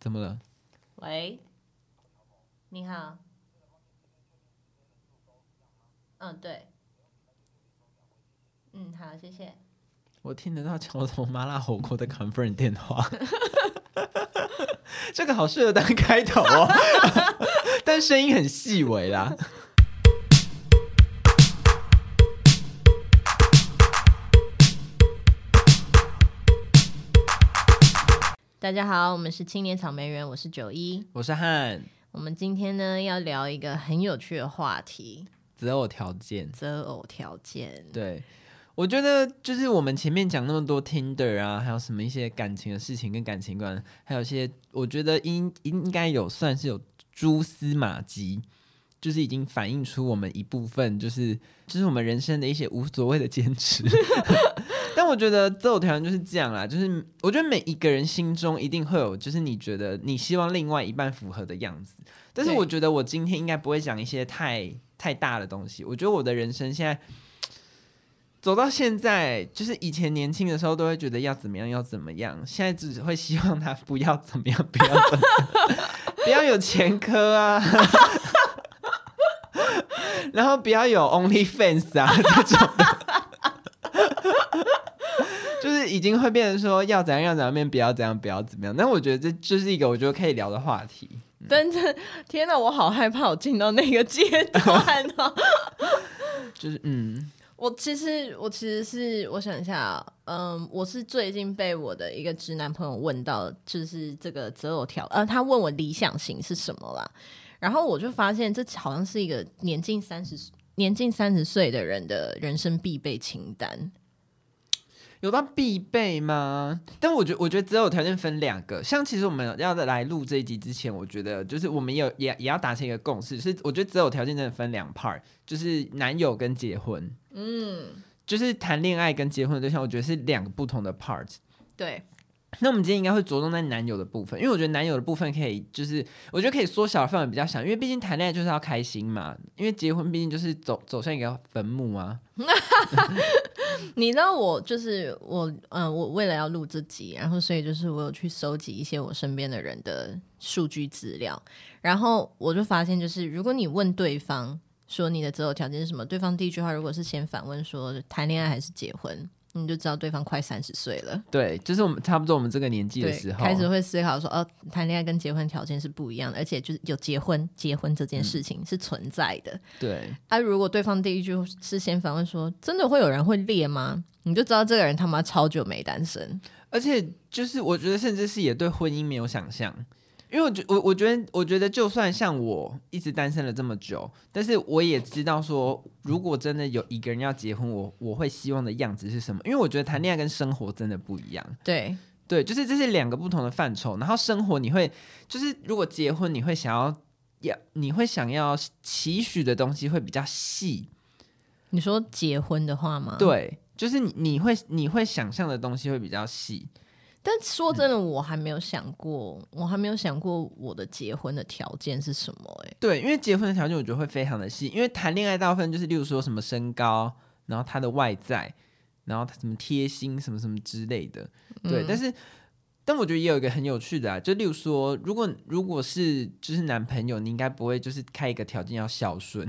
怎麼了？喂，你好。嗯、哦，對。嗯，好，謝謝。我聽得到橋頭麻辣火鍋的 conference 電話。 這個好適合當開頭哦， 但聲音很細微啦。大家好，我們是青年草莓人，我是九一，我是漢。我們今天呢要聊一個很有趣的話題，擇偶條件。擇偶條件，對我覺得就是我們前面講那麼多 Tinder 啊，還有什麼一些感情的事情跟感情觀，還有一些我覺得應應該有算是有蛛絲馬跡。就是已經反映出我們一部分，就是就是我們人生的一些無所謂的堅持。 但我覺得這種條件就是這樣啦。就是我覺得每一個人心中一定會有，就是你覺得你希望另外一半符合的樣子。但是我覺得我今天應該不會講一些太太大的東西。我覺得我的人生現在走到現在，就是以前年輕的時候都會覺得要怎麼樣要怎麼樣，現在只會希望他不要怎麼樣，不要怎麼樣， 不要有前科啊。 然後不要有 OnlyFans 啊這種的， 就是已經會變成說要怎樣要怎樣，不要怎樣不要怎麼樣。但我覺得這就是一個我覺得可以聊的話題。嗯、但是天哪，我好害怕我進到那個階段啊、哦！ 就是嗯我，我其實我其實是我想一下、啊，嗯、呃，我是最近被我的一個直男朋友問到，就是這個擇偶條，呃，他問我理想型是什麼啦。然後我就發現，這好像是一個年近三十年近三十歲的人的人生必備清單。有到必備嗎？但我覺得，我覺得擇偶條件分兩個。像其實我們要在來錄這一集之前，我覺得就是我們也有也也要達成一個共識，是我覺得擇偶條件真的分兩 part，就是男友跟結婚。嗯，就是談戀愛跟結婚的對象，我覺得是兩個不同的 part。對。那我們今天應該會着重在男友的部分，因為我覺得男友的部分可以，就是我覺得可以縮小的範圍比較小，因為畢竟談戀愛就是要開心嘛，因為結婚畢竟就是走走向一個墳墓嘛、啊。 你知道我就是我，嗯、呃，我為了要錄這集，然後所以就是我有去搜集一些我身邊的人的數據資料，然後我就發現，就是如果你問對方說你的擇偶條件是什麼，對方第一句話如果是先反問說談戀愛還是結婚。你就知道對方快三十歲了，對，就是我們差不多我們這個年紀的時候，開始會思考說，哦，談戀愛跟結婚條件是不一樣的，而且就是有結婚，結婚這件事情是存在的。嗯、對，啊，如果對方第一句事先反問說，真的會有人會列嗎？你就知道這個人他媽超久沒單身，而且就是我覺得甚至是也對婚姻沒有想象。因為我覺得，我我覺得，我覺得，就算像我一直單身了這麼久，但是我也知道說，如果真的有一個人要結婚，我我會希望的樣子是什麼？因為我覺得談戀愛跟生活真的不一樣。對，對，就是這是兩個不同的範疇。然後生活，你會就是如果結婚，你會想要要，你會想要期許的東西會比較細。你說結婚的話嗎？對，就是你，你會你會想象的東西會比較細。但說真的，我還沒有想過，嗯、我還沒有想過我的結婚的條件是什麼、欸？哎，對，因為結婚的條件我覺得會非常的細，因為談戀愛大部分就是例如說什麼身高，然後他的外在，然後他什麼貼心，什麼什麼之類的。對，嗯、但是，但我覺得也有一個很有趣的啊，就例如說，如果如果是就是男朋友，你應該不會就是開一個條件要孝順。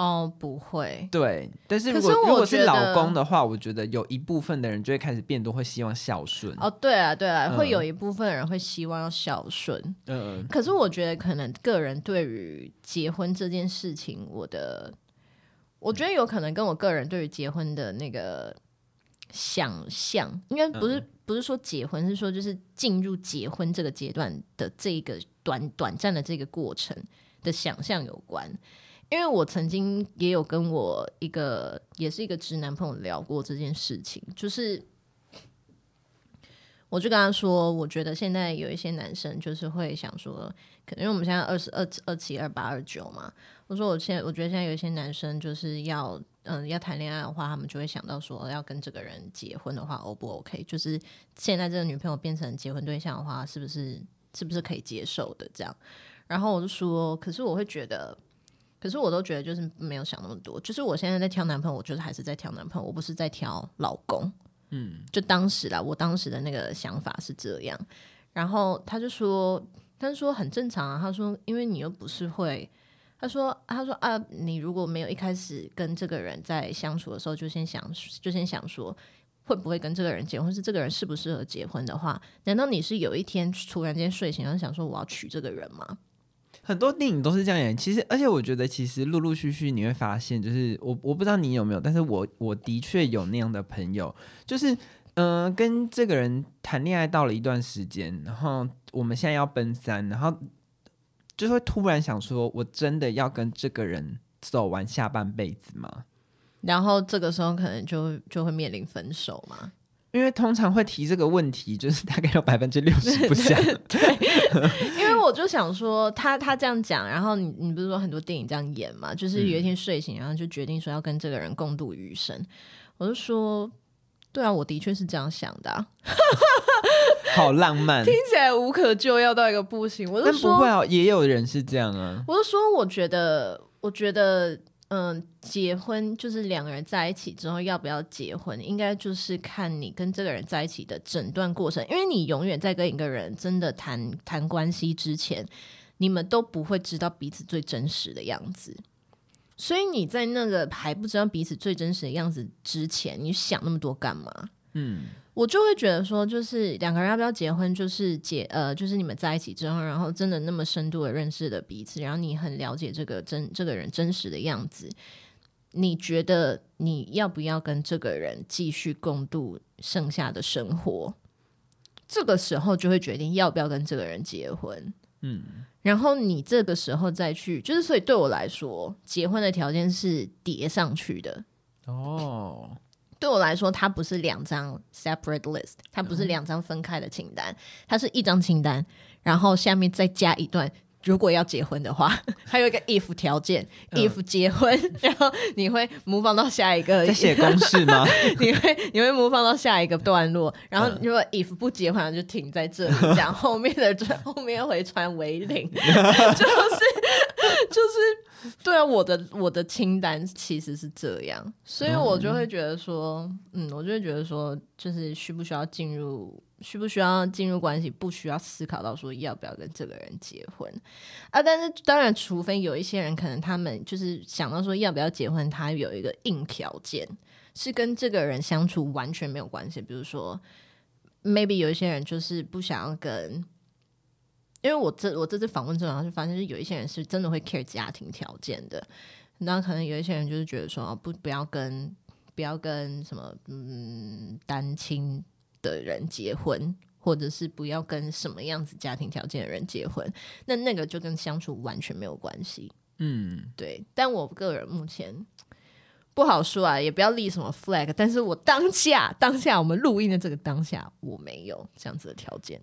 哦，oh, 不會，對，但是如果是如果是老公的話，我覺得有一部分的人就會開始變多，會希望孝順。哦，oh, 對啊，對啊，嗯、會有一部分人會希望要孝順。嗯，可是我覺得，可能個人對於結婚這件事情，我的，我覺得有可能跟我個人對於結婚的那個想象，應該不是、嗯、不是說結婚，是說就是進入結婚這個階段的這個短短暫的這個過程的想象有關。因為我曾經也有跟我一個也是一個直男朋友聊過這件事情，就是我就跟他說，我覺得現在有一些男生就是會想說，可能因為我們現在二十二、二七、二八、二九嘛，我說我現在我覺得現在有一些男生就是要嗯、呃、要談戀愛的話，他們就會想到說要跟這個人結婚的話，O、哦、不 OK？就是現在這個女朋友變成結婚對象的話，是不是是不是可以接受的？這樣，然後我就說，可是我會覺得。可是我都覺得就是沒有想那麼多，就是我現在在挑男朋友，我覺得還是在挑男朋友，我不是在挑老公。嗯，就當時啦，我當時的那個想法是這樣。然後他就說，他就說很正常啊，他說因為你又不是會，他說他說啊，你如果沒有一開始跟這個人在相處的時候就先想，就先想說會不會跟這個人結婚，是這個人適不適合結婚的話，難道你是有一天突然間睡醒然後想說我要娶這個人嗎？很多電影都是這樣演，其實，而且我覺得，其實陸陸續續你會發現，就是我，我不知道你有沒有，但是我，我的確有那樣的朋友，就是，嗯、呃，跟這個人談戀愛到了一段時間，然後我們現在要奔三，然後就會突然想說，我真的要跟這個人走完下半輩子嗎？然後這個時候可能就就會面臨分手嘛。因為通常會提這個問題，就是大概有百分之六十不想。 對， 因為我就想說，他他這樣講，然後你你不是說很多電影這樣演嘛？就是有一天睡醒，嗯、然後就決定說要跟這個人共度餘生。我就說，對啊，我的確是這樣想的，啊，哈哈哈，好浪漫，聽起來無可救藥到一個不行。我就說，但不會啊，哦，也有人是這樣啊。我就說，我覺得，我覺得。嗯，結婚就是兩個人在一起之後要不要結婚，應該就是看你跟這個人在一起的整段過程，因為你永遠在跟一個人真的談談關係之前，你們都不會知道彼此最真實的樣子，所以你在那個還不知道彼此最真實的樣子之前，你想那麼多幹嘛？嗯。我就會覺得說，就是兩個人要不要結婚，就是結呃，就是你們在一起之後，然後真的那麼深度的認識了彼此，然後你很了解這個真這個人真實的樣子，你覺得你要不要跟這個人繼續共度剩下的生活？這個時候就會決定要不要跟這個人結婚。嗯，然後你這個時候再去，就是所以對我來說，結婚的條件是疊上去的。哦。對我來說，它不是兩張 separate list，它不是兩張分開的清單，嗯、它是一張清單，然後下面再加一段。如果要結婚的話，還有一個 if 條件、嗯、if 結婚，然後你會模仿到下一個。在寫公式嗎？ 你會你會模仿到下一個段落，然後如果 if 不結婚就停在這裡，講後面的， 後面回傳為0，就是。 就是對啊，我的我的清單其實是這樣，所以我就會覺得說，嗯，嗯，我就會覺得說，就是需不需要進入，需不需要進入關係，不需要思考到說要不要跟這個人結婚啊。但是當然，除非有一些人可能他們就是想到說要不要結婚，他有一個硬條件是跟這個人相處完全沒有關係。比如說，maybe 有一些人就是不想要跟。因為我這我這次訪問之後，然後就發現是有一些人是真的會 care 家庭條件的，那可能有一些人就是覺得說不不要跟不要跟什麼嗯單親的人結婚，或者是不要跟什麼樣子家庭條件的人結婚，那那個就跟相處完全沒有關係。嗯，對。但我個人目前不好說啊，也不要立什麼 flag。但是我當下當下我們錄音的這個當下，我沒有這樣子的條件。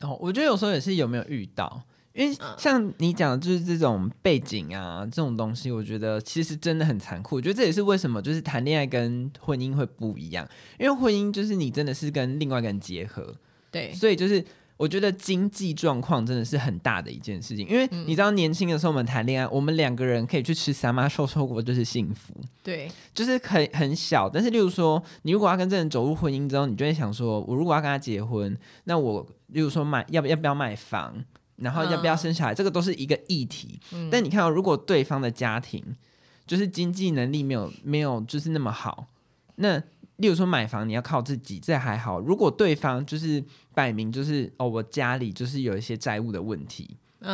哦，我覺得有時候也是有沒有遇到，因為像你講的就是這種背景啊，這種東西，我覺得其實真的很殘酷。我覺得這也是為什麼就是談戀愛跟婚姻會不一樣，因為婚姻就是你真的是跟另外一個人結合，對，所以就是。我覺得經濟狀況真的是很大的一件事情，因為你知道，年輕的時候我們談戀愛，嗯、我們兩個人可以去吃三媽臭臭鍋就是幸福，對，就是很很小。但是，例如說，你如果要跟這人走入婚姻之後，你就會想說，我如果要跟他結婚，那我例如說買要不要不要買房，然後要不要生小孩，嗯、這個都是一個議題。嗯、但你看、哦，如果對方的家庭就是經濟能力沒有沒有就是那麼好，那例如說買房你要靠自己，這還好。如果對方就是。擺明就是哦，我家裡就是有一些債務的問題，嗯、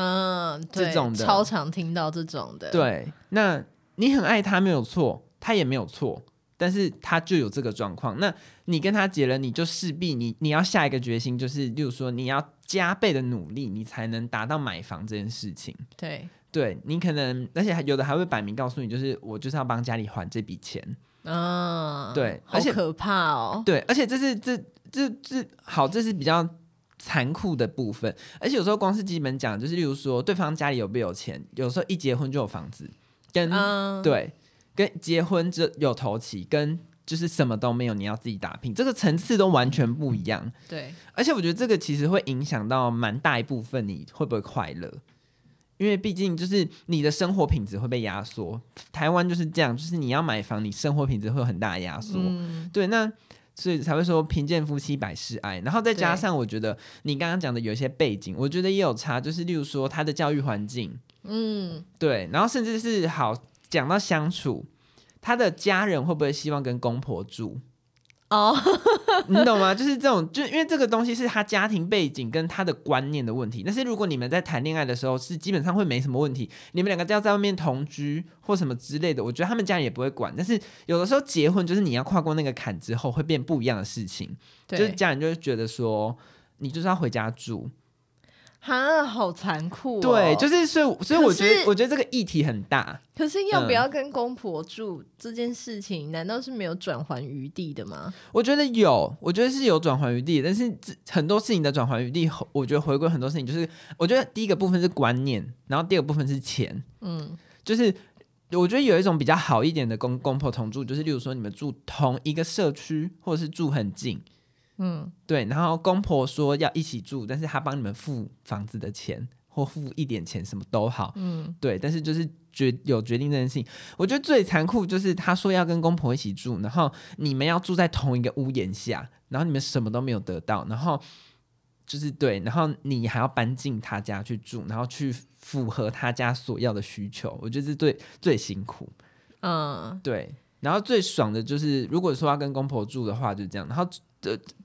啊，對這種的，超常聽到這種的。對，那你很愛他沒有錯，他也沒有錯，但是他就有這個狀況。那你跟他結了，你就勢必你你要下一個決心，就是，例如說你要加倍的努力，你才能達到買房這件事情。對，對你可能，而且有的還會擺明告訴你，就是我就是要幫家裡還這筆錢啊。對，而且可怕哦。對，而且這是這是。這這好，這是比較殘酷的部分，而且有時候光是基本講，就是例如說，對方家裡有沒有錢，有時候一結婚就有房子，跟、嗯、對，跟結婚就有頭期，跟就是什麼都沒有，你要自己打拼，這個層次都完全不一樣。對，而且我覺得這個其實會影響到蠻大一部分，你會不會快樂？因為畢竟就是你的生活品質會被壓縮，台灣就是這樣，就是你要買房，你生活品質會有很大的壓縮。嗯、對，那。所以才會說貧賤夫妻百事哀，然後再加上我覺得你剛剛講的有一些背景，對我覺得也有差，就是例如說他的教育環境，嗯，對，然後甚至是好講到相處，他的家人會不會希望跟公婆住？哦，oh、 你懂嗎？就是這種，就是、因為這個東西是他家庭背景跟他的觀念的問題。但是如果你們在談戀愛的時候是基本上會沒什麼問題，你們兩個就要在外面同居或什麼之類的，我覺得他們家人也不會管。但是有的時候結婚就是你要跨過那個坎之後會變不一樣的事情，對就是家人就會覺得說你就是要回家住。哈，好殘酷、哦！對，就是所以，所以我覺得，是我覺得這個議題很大。可是要不要跟公婆住，嗯、這件事情，難道是沒有轉圜餘地的嗎？我覺得有，我覺得是有轉圜餘地。但是很多事情的轉圜餘地，我覺得回歸很多事情，就是我覺得第一個部分是觀念，然後第二個部分是錢。嗯，就是我覺得有一種比較好一點的公公婆同住，就是例如說你們住同一個社區，或者是住很近。嗯，對，然後公婆說要一起住，但是他幫你們付房子的錢，或付一點錢，什麼都好，嗯，對，但是就是決有決定這件事情，我覺得最殘酷就是他說要跟公婆一起住，然後你們要住在同一個屋檐下，然後你們什麼都沒有得到，然後就是對，然後你還要搬進他家去住，然後去符合他家所要的需求，我覺得是最最辛苦，嗯，對，然後最爽的就是如果說要跟公婆住的話，就這樣，然後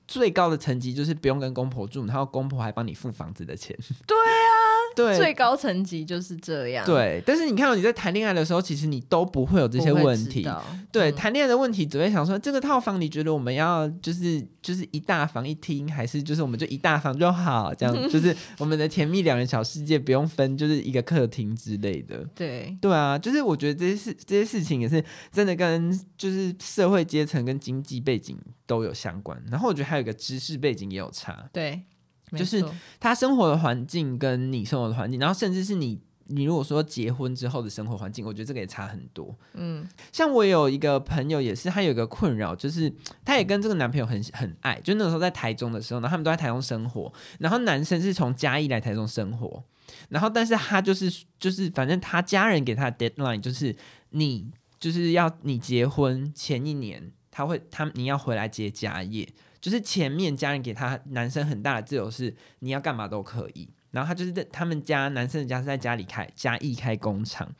最高的成績就是不用跟公婆住，然後公婆還幫你付房子的錢。對啊。對，最高層級就是這樣。對，但是你看到你在談戀愛的時候，其實你都不會有這些問題。對，談戀愛的問題只會想說：嗯、這個套房你覺得我們要就是就是一大房一廳，還是就是我們就一大房就好？這樣 就是我們的甜蜜兩人小世界不用分，就是一個客廳之類的。對，對啊，就是我覺得這些事這些事情也是真的跟就是社會階層跟經濟背景都有相關。然後我覺得還有一個知識背景也有差。對。沒錯，就是他生活的環境跟你生活的環境，然後甚至是你你如果說結婚之後的生活環境，我覺得這個也差很多。嗯，像我有一個朋友也是，他有一個困擾，就是他也跟這個男朋友很很愛，就那時候在台中的時候，呢，他們都在台中生活，然後男生是從嘉義來台中生活，然後但是他就是就是反正他家人給他的 deadline 就是你就是要你結婚前一年他會他你要回來接家業。就是前面家人給他男生很大的自由，是你要幹嘛都可以。然後他就是在他們家，男生的家是在家裡開，嘉義開工廠，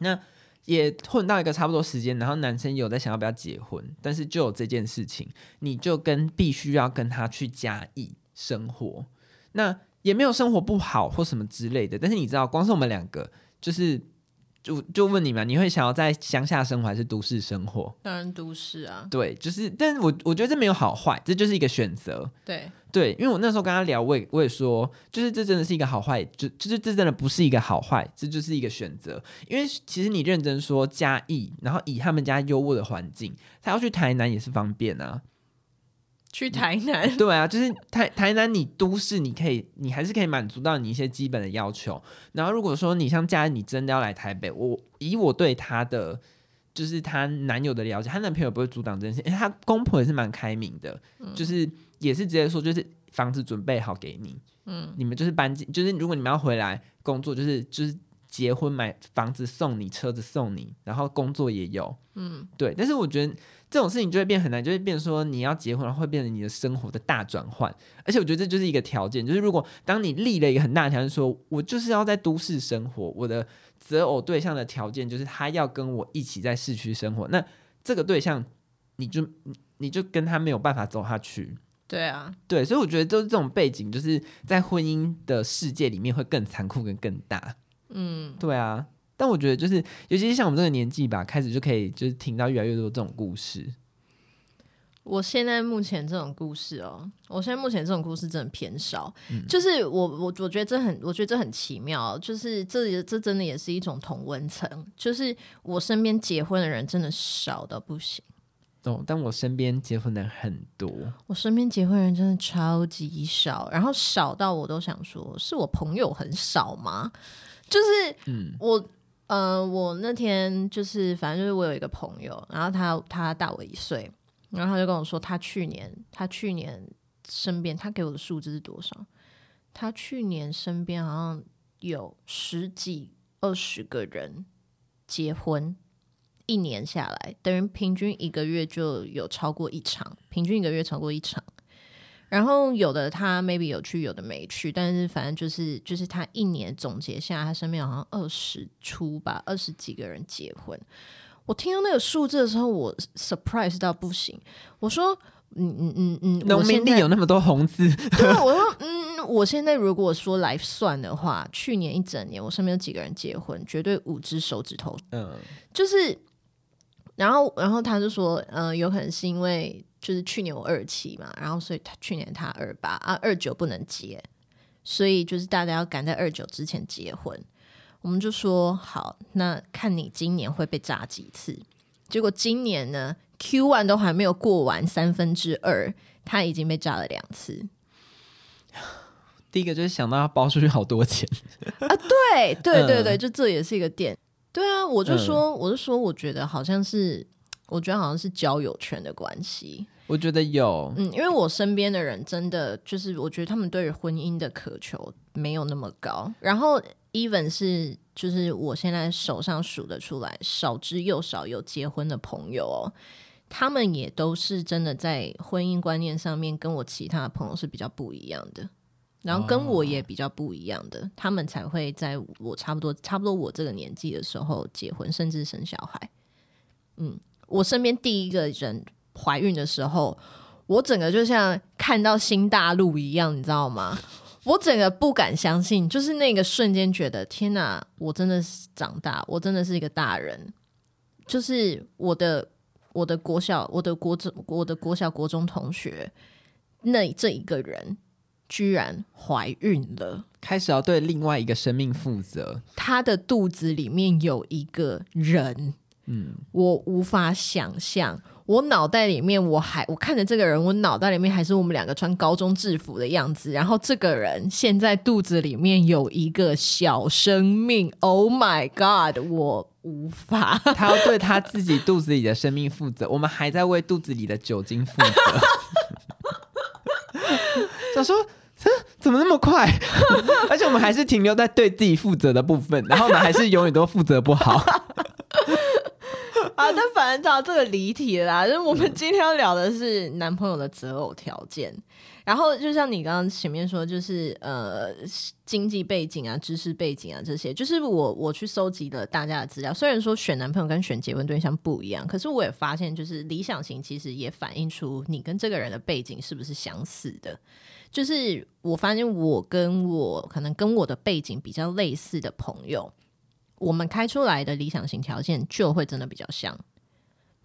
那也混到一個差不多時間。然後男生有在想要不要結婚，但是就有這件事情，你就跟必須要跟他去嘉義生活。那也沒有生活不好或什麼之類的，但是你知道，光是我們兩個就是。就問你嘛，你會想要在鄉下生活還是都市生活？當然都市啊。對，就是，但我我覺得這沒有好壞，這就是一個選擇。對對，因為我那時候跟他聊，我也我也說，就是這真的是一個好壞，就就是這真的不是一個好壞，這就是一個選擇。因為其實你認真說，嘉義，然後以他們家優渥的環境，他要去台南也是方便啊。去台南？對啊，就是台台南，你都市，你可以，你還是可以滿足到你一些基本的要求。然後如果說你像家人，你真的要來台北，我以我對她的就是她男友的了解，她男朋友不會阻擋這件事，哎，她公婆也是蠻開明的，嗯、就是也是直接說，就是房子準備好給你，嗯，你們就是搬進，就是如果你們要回來工作，就是就是結婚買房子送你，車子送你，然後工作也有，嗯，對，但是我覺得。這種事情就會變很難，就會變成說你要結婚，然後會變成你的生活的大轉換。而且我覺得這就是一個條件，就是如果當你立了一個很大的條件，說我就是要在都市生活，我的擇偶對象的條件就是他要跟我一起在市區生活，那這個對象你就你就跟他沒有辦法走下去。對啊，對，所以我覺得就是這種背景，就是在婚姻的世界裡面會更殘酷跟更大。嗯，對啊。但我覺得，就是尤其是像我們這個年紀吧，開始就可以就是聽到越來越多這種故事。我現在目前這種故事哦，我現在目前這種故事真的偏少。嗯，就是我我我覺得這很我覺得這很奇妙喔，就是這也這真的也是一種同溫層。就是我身邊結婚的人真的少到不行哦，但我身邊結婚的人很多。我身邊結婚人真的超級少，然後少到我都想說是我朋友很少嗎？就是嗯我。嗯嗯、呃，我那天就是，反正就是我有一個朋友，然後他他大我一歲，然後他就跟我說他，他去年他去年身邊他給我的數字是多少？他去年身邊好像有十幾二十個人結婚，一年下來，等於平均一個月就有超過一場，平均一個月超過一場。然後有的他 maybe 有去，有的沒去，但是反正就是就是他一年總結下，他身邊好像二十出吧，二十幾個人結婚。我聽到那個數字的時候，我 surprise 到不行。我說嗯嗯嗯嗯，農民地有那麼多紅字。 對啊，我說嗯，我現在如果說來算的話，去年一整年我身邊有幾個人結婚，絕對五隻手指頭。嗯，uh. 就是，然後然後他就說，嗯，呃，有可能是因為。就是去年我二七嘛，然後所以他去年他二八啊二九不能結，所以就是大家要趕在二九之前結婚。我們就說好，那看你今年會被炸幾次。結果今年呢，Q one 都還沒有過完三分之二，他已經被炸了兩次。第一個就是想到要包出去好多錢 啊對！對對對對，嗯、就這也是一個點。對啊，我就說，嗯、我就說，我覺得好像是。我覺得好像是交友圈的關係，我覺得有，嗯，因為我身邊的人真的就是，我覺得他們對於婚姻的渴求沒有那麼高。然後，even 是就是我現在手上數得出來少之又少有結婚的朋友哦、喔，他們也都是真的在婚姻觀念上面跟我其他的朋友是比較不一樣的，然後跟我也比較不一樣的，哦、他們才會在我差不多差不多我這個年紀的時候結婚，甚至生小孩，嗯。我身邊第一個人懷孕的時候，我整個就像看到新大陸一樣，你知道嗎？我整個不敢相信，就是那個瞬間覺得天哪、啊，我真的是長大，我真的是一個大人。就是我的我的國小、我的國中、我的國小國中同學，那這一個人居然懷孕了，開始要對另外一個生命負責，他的肚子裡面有一個人。嗯，我無法想象，我腦袋裡面我還我看着這個人，我腦袋裡面還是我們兩個穿高中制服的樣子。然後這個人現在肚子裡面有一個小生命，Oh my God！我無法，他要對他自己肚子裡的生命負責，我們還在為肚子裡的酒精負責。想 說：“怎怎麼那麼快？而且我們還是停留在對自己負責的部分，然後我們還是永遠都負責不好。” 啊，但反正找到這個離題了啦，就是我們今天要聊的是男朋友的擇偶條件。然後就像你剛剛前面說，就是呃經濟背景啊、知識背景啊這些。就是我我去蒐集了大家的資料，雖然說選男朋友跟選結婚對象不一樣，可是我也發現，就是理想型其實也反映出你跟這個人的背景是不是相似的。就是我發現我跟我可能跟我的背景比較類似的朋友。我們開出來的理想型條件就會真的比較像，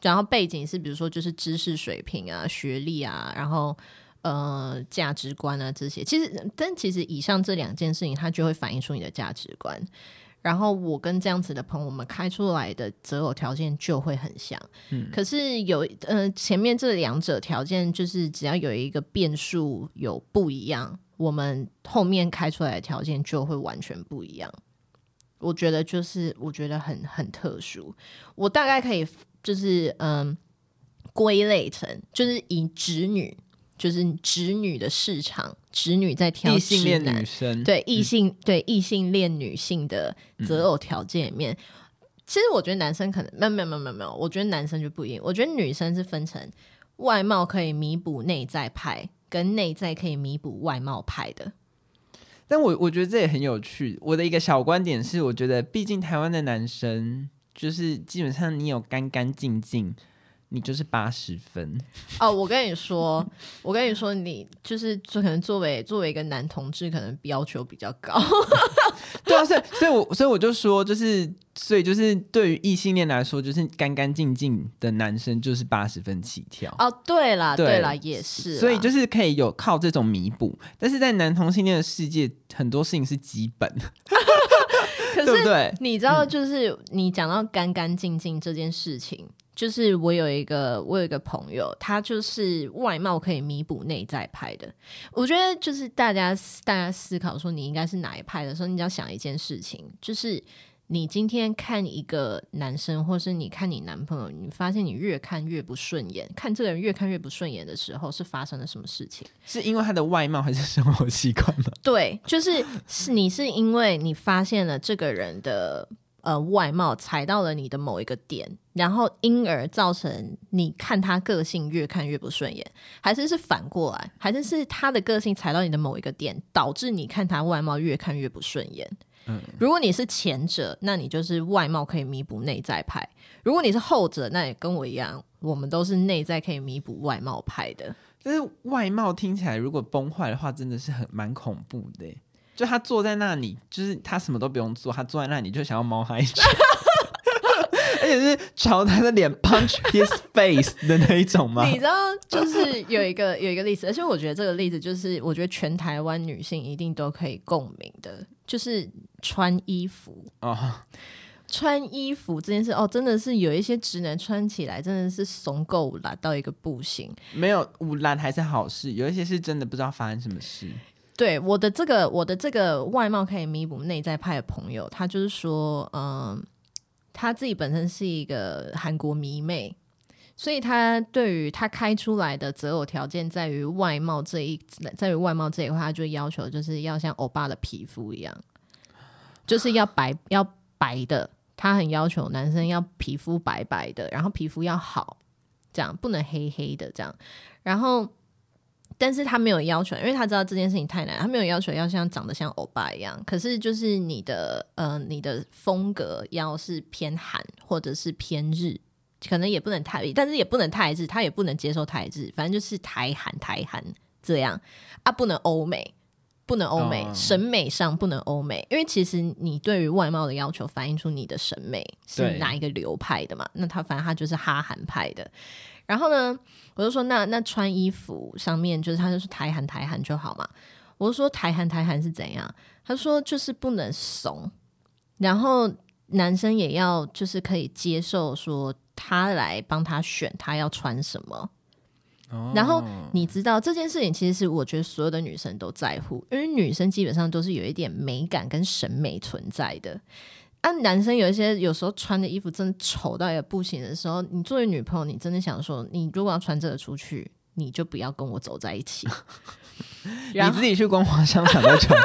然後背景是比如說就是知識水平啊、學歷啊，然後呃價值觀啊這些。其實但其實以上這兩件事情，它就會反映出你的價值觀。然後我跟這樣子的朋友們開出來的擇偶條件就會很像。嗯。可是有呃前面這兩者條件，就是只要有一個變數有不一樣，我們後面開出來的條件就會完全不一樣。我覺得就是，我覺得很很特殊。我大概可以就是，嗯，歸類成就是以直女，就是直女的市場，直女在挑選男生，對異性、嗯、對異性戀女性的擇偶條件裡面。嗯、其實我覺得男生可能沒有沒有沒有沒有，我覺得男生就不一樣。我覺得女生是分成外貌可以彌補內在派，跟內在可以彌補外貌派的。但我我覺得這也很有趣。我的一個小觀點是，我覺得畢竟台灣的男生就是基本上你有乾乾淨淨。你就是八十分哦！我跟你說，我跟你說，你就是，就可能作為作為一個男同志，可能要求比較高。 對啊，所以，所以我所以我就說，就是，所以就是對於異性戀來說，就是干干淨淨的男生就是八十分起跳。哦，對啦，對啦，也是，所以就是可以有靠這種彌補，但是在男同性戀的世界，很多事情是基本。 可是，對不對？你知道，就是你講到乾干淨淨這件事情。就是我有一個，我有一個朋友，他就是外貌可以彌補內在派的。我覺得就是大家大家思考說你應該是哪一派的時候，你只要想一件事情，就是你今天看一個男生，或是你看你男朋友，你發現你越看越不順眼，看這個人越看越不順眼的時候，是發生了什麼事情？是因為他的外貌還是生活習慣嗎？對，就是是你是因為你發現了這個人的。呃，外貌踩到了你的某一個點，然後因而造成你看他個性越看越不順眼，還是是反過來，還是是他的個性踩到你的某一個點，導致你看他外貌越看越不順眼。嗯，如果你是前者，那你就是外貌可以彌補內在派；如果你是後者，那也跟我一樣，我們都是內在可以彌補外貌派的。但是外貌聽起來，如果崩壞的話，真的是很蠻恐怖的。就他坐在那裡，就是他什麼都不用做，他坐在那裡你就想要貓他一拳， 而且是朝他的臉 punch his face 的那一種嗎？你知道，就是有一個有一個例子，而且我覺得這個例子就是，我覺得全台灣女性一定都可以共鳴的，就是穿衣服哦。穿衣服這件事，哦，真的是有一些直男穿起來真的是慫夠懶到一個不行，沒有無懶還是好事，有一些是真的不知道發生什麼事。對，我的這個我的這個外貌可以彌補內在派的朋友，他就是說，嗯，他自己本身是一個韓國迷妹，所以他對於他開出來的擇偶條件，在於外貌這一，在於外貌這一塊，他就要求就是要像歐巴的皮膚一樣，就是要白要白的，他很要求男生要皮膚白白的，然後皮膚要好，這樣不能黑黑的這樣，然後。但是他沒有要求，因為他知道這件事情太難，他沒有要求要像長得像歐巴一樣。可是就是你的呃，你的風格要是偏韓或者是偏日，可能也不能太，但是也不能太日，他也不能接受太日，反正就是台韓台韓這樣啊，不能歐美，不能歐美，哦、審美上不能歐美，因為其實你對於外貌的要求反映出你的審美是哪一個流派的嘛？對那他反正他就是哈韓派的。然後呢，我就說，那那穿衣服上面就是他就是台韓台韓就好嘛。我就說，台韓台韓是怎樣？他說就是不能慫，然後男生也要就是可以接受說他來幫他選他要穿什麼。哦、然後你知道這件事情其實是我覺得所有的女生都在乎，因為女生基本上都是有一點美感跟審美存在的。啊，男生有一些有時候穿的衣服真的醜到也不行的時候，你作為女朋友，你真的想說，你如果要穿這個出去，你就不要跟我走在一起， Yeah. 你自己去光華商場都成。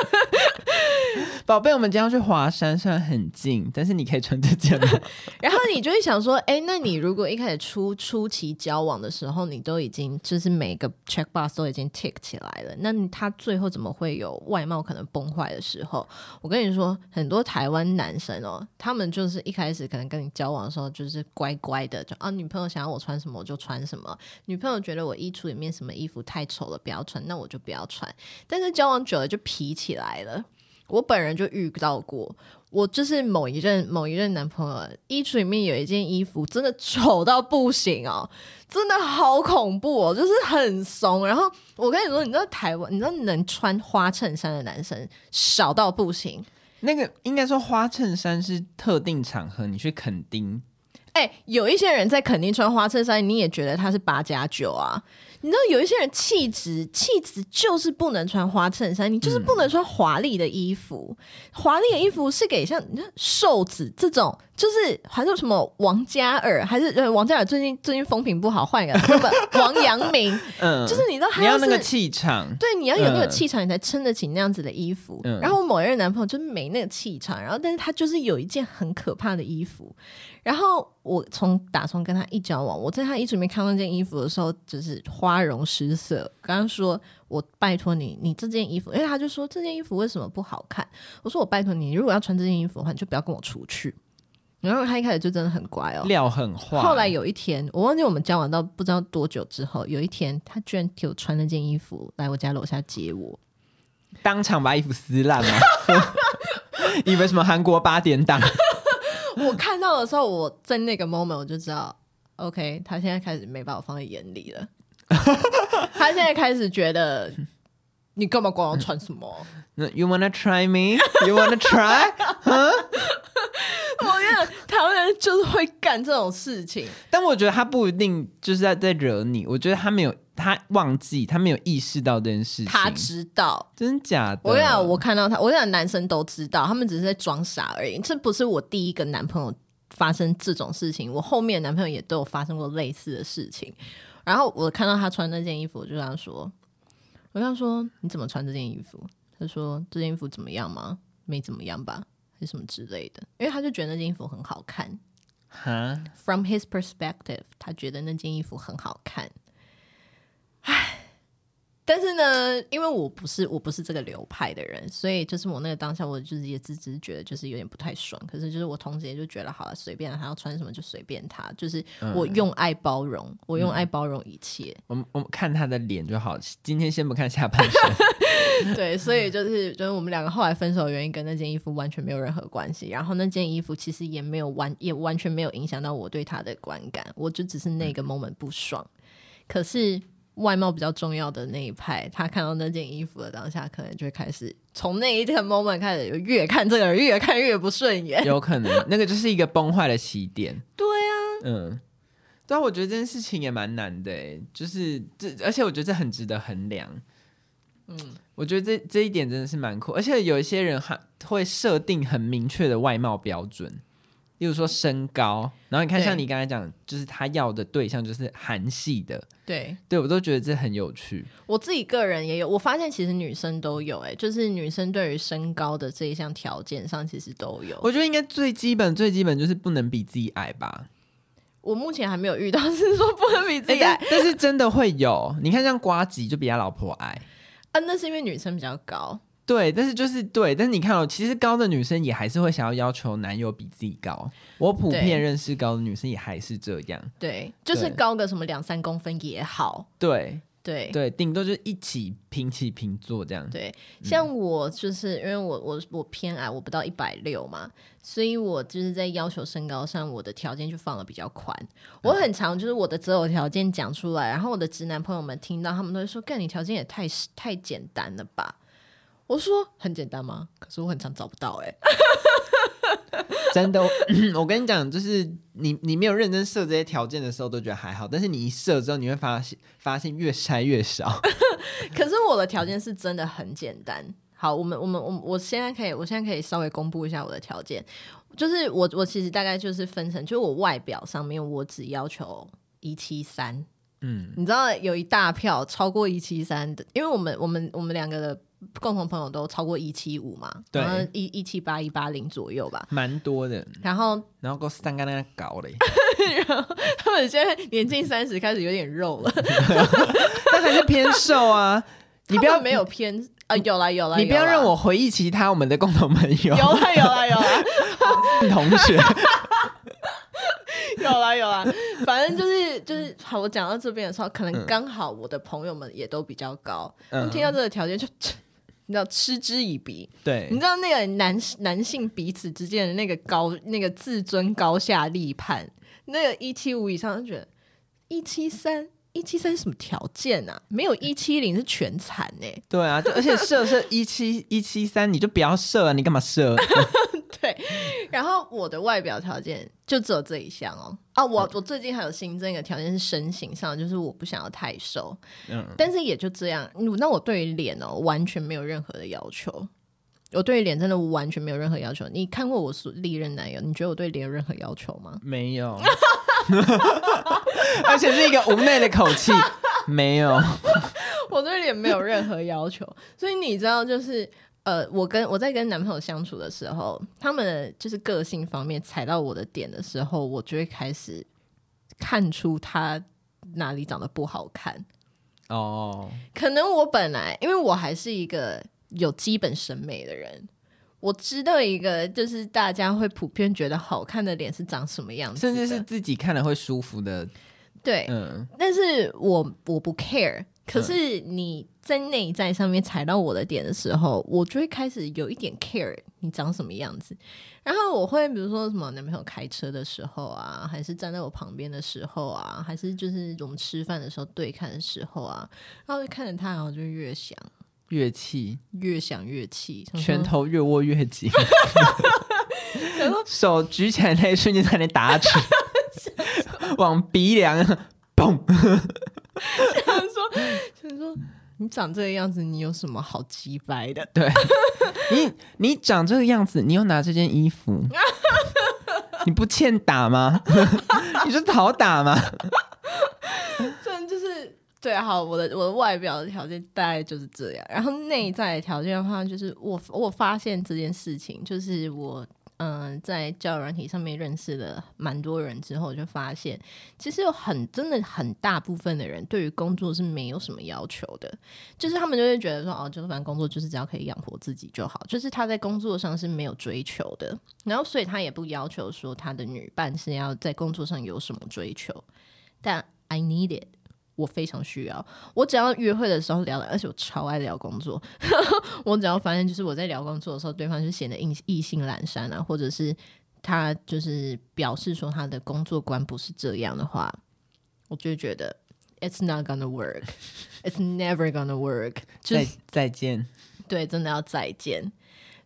寶貝，我們今天去華山，雖然很近，但是你可以穿這件。 然後你就會想說，哎、欸，那你如果一開始初初期交往的時候，你都已經就是每個 checkbox 都已經 tick 起來了，那他最後怎麼會有外貌可能崩壞的時候？我跟你說，很多台灣男生哦、喔，他們就是一開始可能跟你交往的時候，就是乖乖的，就啊，女朋友想要我穿什麼我就穿什麼，女朋友覺得我衣櫥裡面什麼衣服太醜了，不要穿，那我就不要穿。但是交往久了就皮起來了。我本人就遇到過，我就是某一任某一任男朋友衣櫥裡面有一件衣服，真的醜到不行哦，真的好恐怖哦，就是很慫。然後我跟你說，你知道台灣，你知道能穿花襯衫的男生少到不行。那個應該說花襯衫是特定場合，你去墾丁。哎，有一些人在墾丁穿花襯衫，你也覺得他是八加九啊？你知道有一些人氣質，氣質就是不能穿花襯衫，你就是不能穿華麗的衣服。華麗的衣服是給像你看瘦子這種。就是還是什麼王嘉爾，還是、呃、王嘉爾最近最近風評不好，換一個不王陽明， 嗯，就是你都還、就是、你要那個氣場，對，你要有那個氣場，嗯、你才撐得起那樣子的衣服。嗯、然後我某一任男朋友就是沒那個氣場，然後但是他就是有一件很可怕的衣服。然後我從打算跟他一交往，我在他一直沒看到那件衣服的時候，就是花容失色。剛剛說我拜托你，你這件衣服，因為他就說這件衣服為什麼不好看？我說我拜托你，如果要穿這件衣服的話，你就不要跟我出去。然後他一開始就真的很乖哦，料很壞。後來有一天，我忘記我們交往到不知道多久之後，有一天他居然給我穿那件衣服來我家樓下接我，當場把衣服撕爛嗎、啊？ 以為什麼韓國八點檔？ 我看到的時候，我在那個 moment 我就知道，OK，他現在開始沒把我放在眼裡了， 他現在開始覺得。你幹嘛管我要穿什麼？那 You wanna try me? You wanna try?、Huh? 我跟你講，台灣人就是會幹這種事情，但我覺得他不一定就是在在惹你。我覺得他沒有，他忘記，他沒有意識到這件事情。他知道，真假的？我跟你講，我看到他，我跟你講，男生都知道，他們只是在裝傻而已。這不是我第一個男朋友發生這種事情，我後面的男朋友也都有發生過類似的事情。然後我看到他穿那件衣服，我就想說。我想說，你怎麼穿這件衣服？他說，這件衣服怎麼樣嗎？沒怎麼樣吧，還是什麼之類的？因為他就覺得那件衣服很好看。哈 Huh?，From his perspective，他覺得那件衣服很好看。唉。但是呢，因為我不是我不是這個流派的人，所以就是我那個當下，我就是也只只是覺得就是有點不太爽。可是就是我同時也就覺得，好了，隨便他要穿什麼就隨便他，就是我用愛包容，嗯、我用愛包容一切。我們我們看他的臉就好，今天先不看下半身。 對，所以就是覺得、就是、我們兩個後來分手的原因跟那件衣服完全沒有任何關係。然後那件衣服其實也沒有完，也完全沒有影響到我對他的觀感。我就只是那個 moment 不爽，嗯、可是。外貌比較重要的那一派，他看到那件衣服的當下，可能就會開始從那一刻 moment 開始，越看這個人越看越不順眼。有可能那個就是一個崩壞的起點。對啊，嗯，但我覺得這件事情也蠻難的，欸，就是這，而且我覺得這很值得衡量。嗯，我覺得這這一點真的是蠻酷，而且有一些人還會設定很明確的外貌標準。例如說身高，然後你看像你剛才講，對就是他要的對象就是韓系的。對，對我都覺得這很有趣。我自己個人也有，我發現其實女生都有、欸，哎，就是女生對於身高的這一項條件上其實都有。我覺得應該最基本最基本就是不能比自己矮吧。我目前還沒有遇到，是說不能比自己矮、欸。但是真的會有， 你看像呱吉就比他老婆矮。啊，那是因為女生比較高。對，但是就是對，但是你看哦、喔，其實高的女生也還是會想要要求男友比自己高。我普遍認識高的女生也還是這樣，對，對就是高個什麼兩三公分也好，對，對，對，頂對對多就是一起平起平坐這樣。對，像我就是、嗯、因為我我我偏矮，我不到一百六嘛，所以我就是在要求身高上，我的條件就放得比較寬。我很常就是我的擇偶條件講出來，嗯、然後我的直男朋友們聽到，他們都會說：“幹，你條件也太太簡單了吧？”我說很簡單嗎？可是我很常找不到哎、欸， 真的，我跟你講，就是你你沒有認真設這些條件的時候都覺得還好，但是你一設之後，你會發現發現越篩越少。 可是我的條件是真的很簡單。好，我們我們我我現在可以，我現在可以稍微公布一下我的條件，就是我我其實大概就是分成，就是我外表上面我只要求一七三。嗯，你知道有一大票超過一七三的，因為我們我們我們兩個的共同朋友都超過一七五嘛，對，一一七八一八零左右吧，蠻多的。然後，然後夠三個那個高嘞，然後 他們現在年近三十，開始有點肉了，那 還是偏瘦啊。你不要沒有偏啊，有啦有啦，有啦，你不要讓我回憶其他我們的共同朋友，有啦有啦有啦，有啦有啦有啦 同學，有啦 有啦。有啦反正就是就是好，我講到這邊的時候，可能剛好我的朋友們也都比較高，嗯、他們聽到這個條件就、嗯、你知道嗤之以鼻。對，你知道那個男男性彼此之間的那個高那個自尊高下立判，那個一七五以上就覺得一七三一七三是什麼條件啊？沒有一七零是全殘呢、欸。對啊，而且設是一七一七三，你就不要設啊，你幹嘛設？ 對，然後我的外表條件就只有這一項哦。啊，我我最近還有新增一個條件是身形上，就是我不想要太瘦。嗯，但是也就這樣。那我對於臉哦，完全沒有任何的要求。我對臉真的完全沒有任何要求。你看過我歷任男友，你覺得我對臉有任何要求嗎？沒有， 而且是一個無奈的口氣。 沒有， 我對臉沒有任何要求。所以你知道，就是。呃，我跟我在跟男朋友相處的時候，他們就是個性方面踩到我的點的時候，我就會開始看出他哪裡長得不好看。哦，oh. 可能我本來因為我還是一個有基本審美的人，我知道一個就是大家會普遍覺得好看的臉是長什麼樣子，甚至是自己看了會舒服的。對，嗯，但是我我不 care，可是你。嗯在內在上面踩到我的點的時候，我就會開始有一點 care 你長什麼樣子。然後我會比如說什麼男朋友開車的時候啊，還是站在我旁邊的時候啊，還是就是那種吃飯的時候對看的時候啊，然後就看着他，然後就越想越氣氣，越想越氣，拳頭越握越緊， 說 手舉起來那一瞬間在那打拳， 說往鼻梁砰 想，想說想說。你長這個樣子，你有什麼好奇怪的？對， 你你長這個樣子，你又拿這件衣服， 你不欠打嗎？ 你是討打嗎？這，就是對啊，好，我的我的外表的條件大概就是這樣。然後內在的條件的話，就是我我發現這件事情，就是我。嗯、呃，在交友軟體上面認識了蠻多人之後，就發現其實有很真的很大部分的人對於工作是沒有什麼要求的，就是他們就會覺得說哦，就反正工作就是只要可以養活自己就好，就是他在工作上是沒有追求的，然後所以他也不要求說他的女伴是要在工作上有什麼追求，但 I need it。我非常需要，我只要約會的時候聊，而且我超愛聊工作。呵呵，我只要發現，就是我在聊工作的時候，對方就顯得意興闌珊啊，或者是他就是表示說他的工作觀不是這樣的話，我就覺得 it's not gonna work, it's never gonna work 就。就再見，對，真的要再見。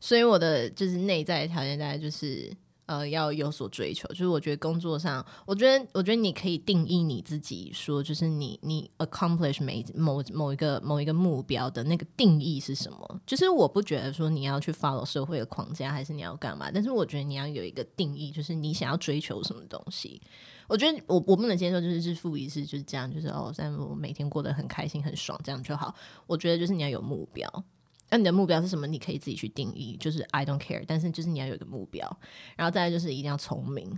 所以我的就是內在條件大概就是。呃，要有所追求，就是我覺得工作上，我覺得，我覺得你可以定義你自己說，說就是你，你 accomplish 某某某一個某一個目標的那個定義是什麼？就是我不覺得說你要去 follow 社會的框架，還是你要幹嘛？但是我覺得你要有一個定義，就是你想要追求什麼東西？我覺得我我不能接受，就是日復一日就是這樣，就是哦，但我每天過得很開心、很爽，這樣就好。我覺得就是你要有目標。那、啊、你的目標是什麼？你可以自己去定義，就是 I don't care。但是就是你要有一個目標，然後再來就是一定要聰明。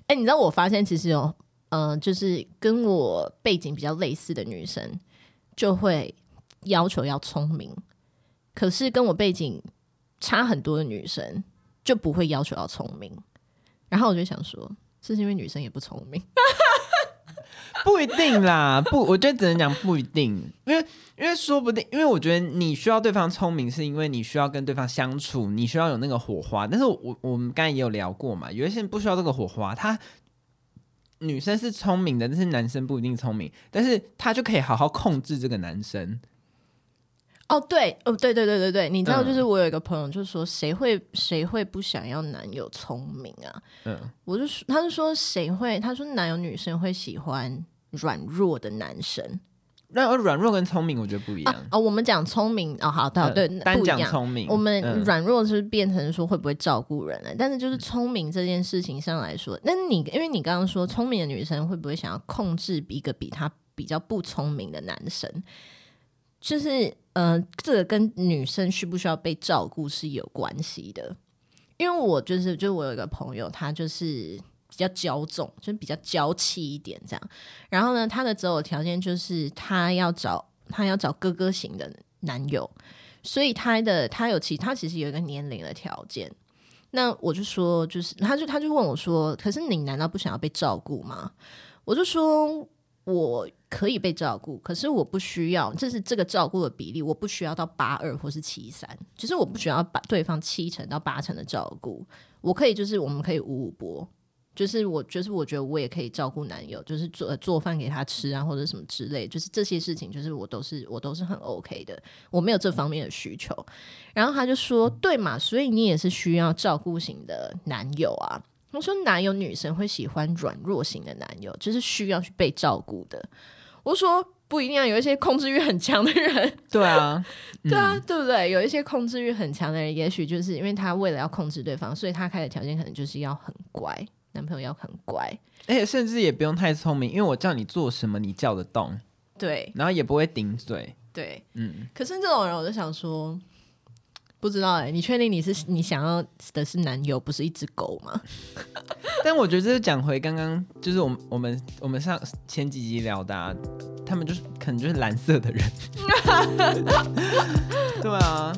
哎、欸，你知道我發現其實哦，嗯、呃，就是跟我背景比較類似的女生就會要求要聰明，可是跟我背景差很多的女生就不會要求要聰明。然後我就想說，是因為女生也不聰明。不一定啦，不，我覺得只能講不一定，因為因為說不定，因為我覺得你需要對方聰明，是因為你需要跟對方相處，你需要有那個火花。但是我我，我們剛才也有聊過嘛，有一些人不需要這個火花，他女生是聰明的，但是男生不一定聰明，但是他就可以好好控制這個男生。哦，對，哦，對，對，對，對，對，你知道，就是我有一個朋友，就是說，嗯、誰會誰會不想要男友聰明啊？嗯，我就他是說，誰會？他說，男友女生會喜歡軟弱的男生。那、而、軟弱跟聰明，我覺得不一樣、啊、哦我們講聰明，哦，好的，好，對，不、呃、講聰明，我們軟弱是變成說會不會照顧人呢、啊？嗯、但是就是聰明這件事情上來說，那你因為你剛剛說聰明的女生會不會想要控制一個比她比，比較不聰明的男生？就是，嗯、呃，這個跟女生需不需要被照顧是有關係的，因為我就是，就我有一個朋友，她就是比較嬌縱，就比較嬌氣一點這樣。然後呢，她的擇偶條件就是她要找，她要找哥哥型的男友，所以她的她有其她其實有一個年齡的條件。那我就說，就是，她就她就問我說，可是你難道不想要被照顧嗎？我就說。我可以被照顧，可是我不需要，這是這個照顧的比例，我不需要到八二或是七三，就是我不需要把對方七成到八成的照顧，我可以就是我們可以五五波，就是我就是我覺得我也可以照顧男友，就是做做飯給他吃啊或者什麼之類，就是這些事情就是我都是我都是很 OK 的，我沒有這方面的需求，然後他就說，對嘛，所以你也是需要照顧型的男友啊。我說哪有女生會喜歡軟弱型的男友？就是需要去被照顧的。我說不一定啊，有一些控制欲很強的人，對啊， 對啊，嗯、對不對？有一些控制欲很強的人，也許就是因為他為了要控制對方，所以他開的條件可能就是要很乖，男朋友要很乖，而且甚至也不用太聰明，因為我叫你做什麼，你叫得動，對，然後也不會頂嘴，對，嗯。可是這種人，我就想說。不知道哎、欸，你確定你是你想要的是男友，不是一隻狗嗎？ 但我覺得這是講回剛剛，就是我們我們我們上前幾集聊的、啊，他們就是可能就是藍色的人。 對啊。